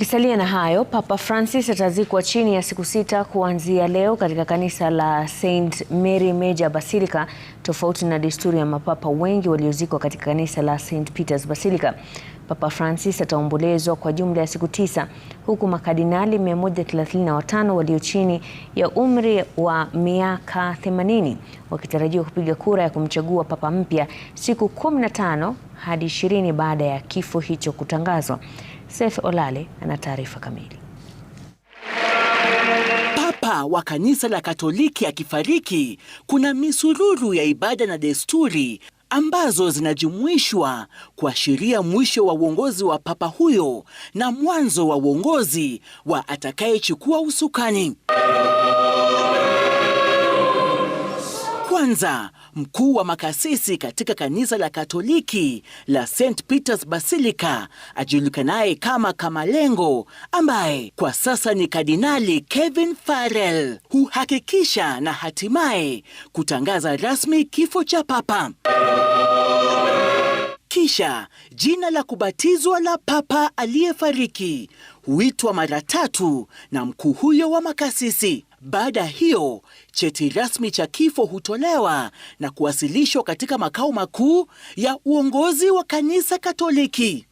kisalia na hayo, Papa Francis atazikwa chini ya siku sita kuanzia leo katika kanisa la St Mary Major Basilica, tofauti na desturi ya mapapa wengi waliozikwa katika kanisa la St Peter's Basilica. Papa Francis ataombolezwa kwa jumla ya siku tisa huku makardinali 135 walio chini ya umri wa miaka 80 wakitarajiwa kupiga kura ya kumchagua papa mpya siku 15 hadi 20 baada ya kifo hicho kutangazwa. Seth Olale ana taarifa kamili. Papa wa kanisa la Katoliki akifariki, kuna misururu ya ibada na desturi ambazo zinajumuishwa kuashiria mwisho wa uongozi wa papa huyo na mwanzo wa uongozi wa atakayechukua usukani. Kwanza, mkuu wa makasisi katika kanisa la Katoliki la St Peter's Basilica ajulikanaye kama Kamalengo, ambaye kwa sasa ni Kardinali Kevin Farrell, huhakikisha na hatimaye kutangaza rasmi kifo cha Papa. Kisha jina la kubatizwa la papa aliyefariki huitwa mara tatu na mkuu huyo wa makasisi. Baada hiyo cheti rasmi cha kifo hutolewa na kuwasilishwa katika makao makuu ya uongozi wa kanisa Katoliki.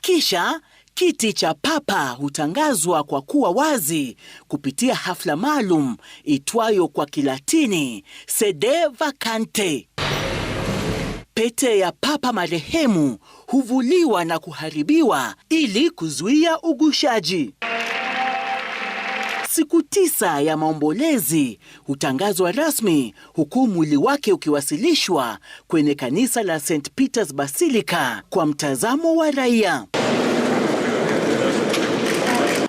Kisha kiti cha papa hutangazwa kwa kuwa wazi kupitia hafla maalum itwayo kwa Kilatini sede vacante. Pete ya papa marehemu huvuliwa na kuharibiwa ili kuzuia ugushaji. Siku tisa ya maombolezi hutangazwa rasmi huku mwili wake ukiwasilishwa kwenye kanisa la St Peters Basilica kwa mtazamo wa raia.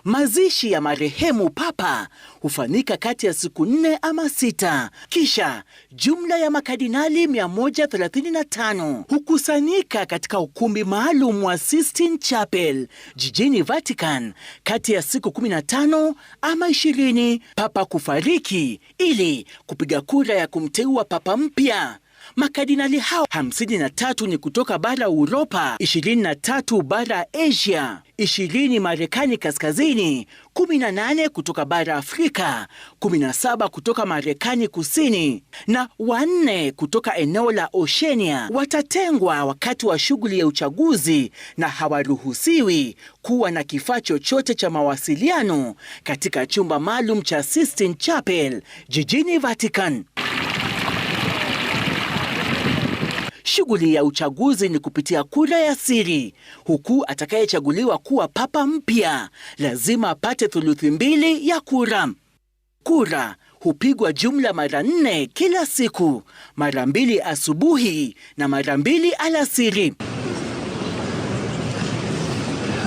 Mazishi ya marehemu Papa hufanyika kati ya siku nne ama sita, kisha jumla ya makardinali 135 hukusanyika katika ukumbi maalum wa Sistine Chapel jijini Vatican kati ya siku 15 ama 20 Papa kufariki ili kupiga kura ya kumteua Papa mpya makadinali hao 53 ni kutoka bara Uropa, 23 bara Asia, 20 Marekani kaskazini, 18 kutoka bara Afrika, 17 kutoka Marekani kusini na wanne kutoka eneo la Oshenia. Watatengwa wakati wa shughuli ya uchaguzi na hawaruhusiwi kuwa na kifaa chochote cha mawasiliano katika chumba maalum cha Sistine Chapel jijini Vatican. shughuli ya uchaguzi ni kupitia kura ya siri, huku atakayechaguliwa kuwa papa mpya lazima apate thuluthi mbili ya kura. Kura hupigwa jumla mara nne kila siku, mara mbili asubuhi na mara mbili alasiri.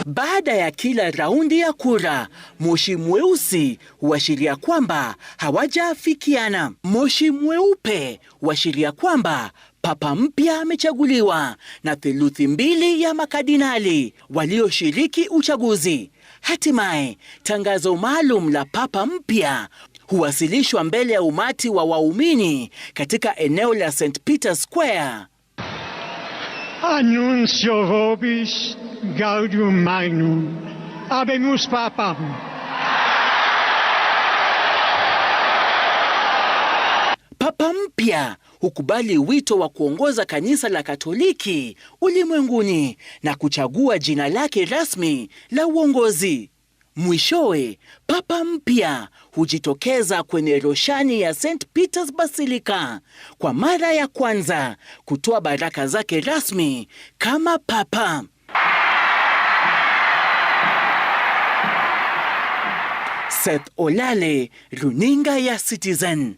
Baada ya kila raundi ya kura, moshi mweusi huashiria kwamba hawajafikiana. Moshi mweupe huashiria kwamba papa mpya amechaguliwa na theluthi mbili ya makadinali walioshiriki uchaguzi. Hatimaye tangazo maalum la papa mpya huwasilishwa mbele ya umati wa waumini katika eneo la St Peter Square. Annuncio vobis gaudium magnum abemus papam Papa mpya hukubali wito wa kuongoza kanisa la Katoliki ulimwenguni na kuchagua jina lake rasmi la uongozi. Mwishowe, Papa mpya hujitokeza kwenye roshani ya St. Peter's Basilica kwa mara ya kwanza kutoa baraka zake rasmi kama Papa. Seth Olale, Runinga ya Citizen.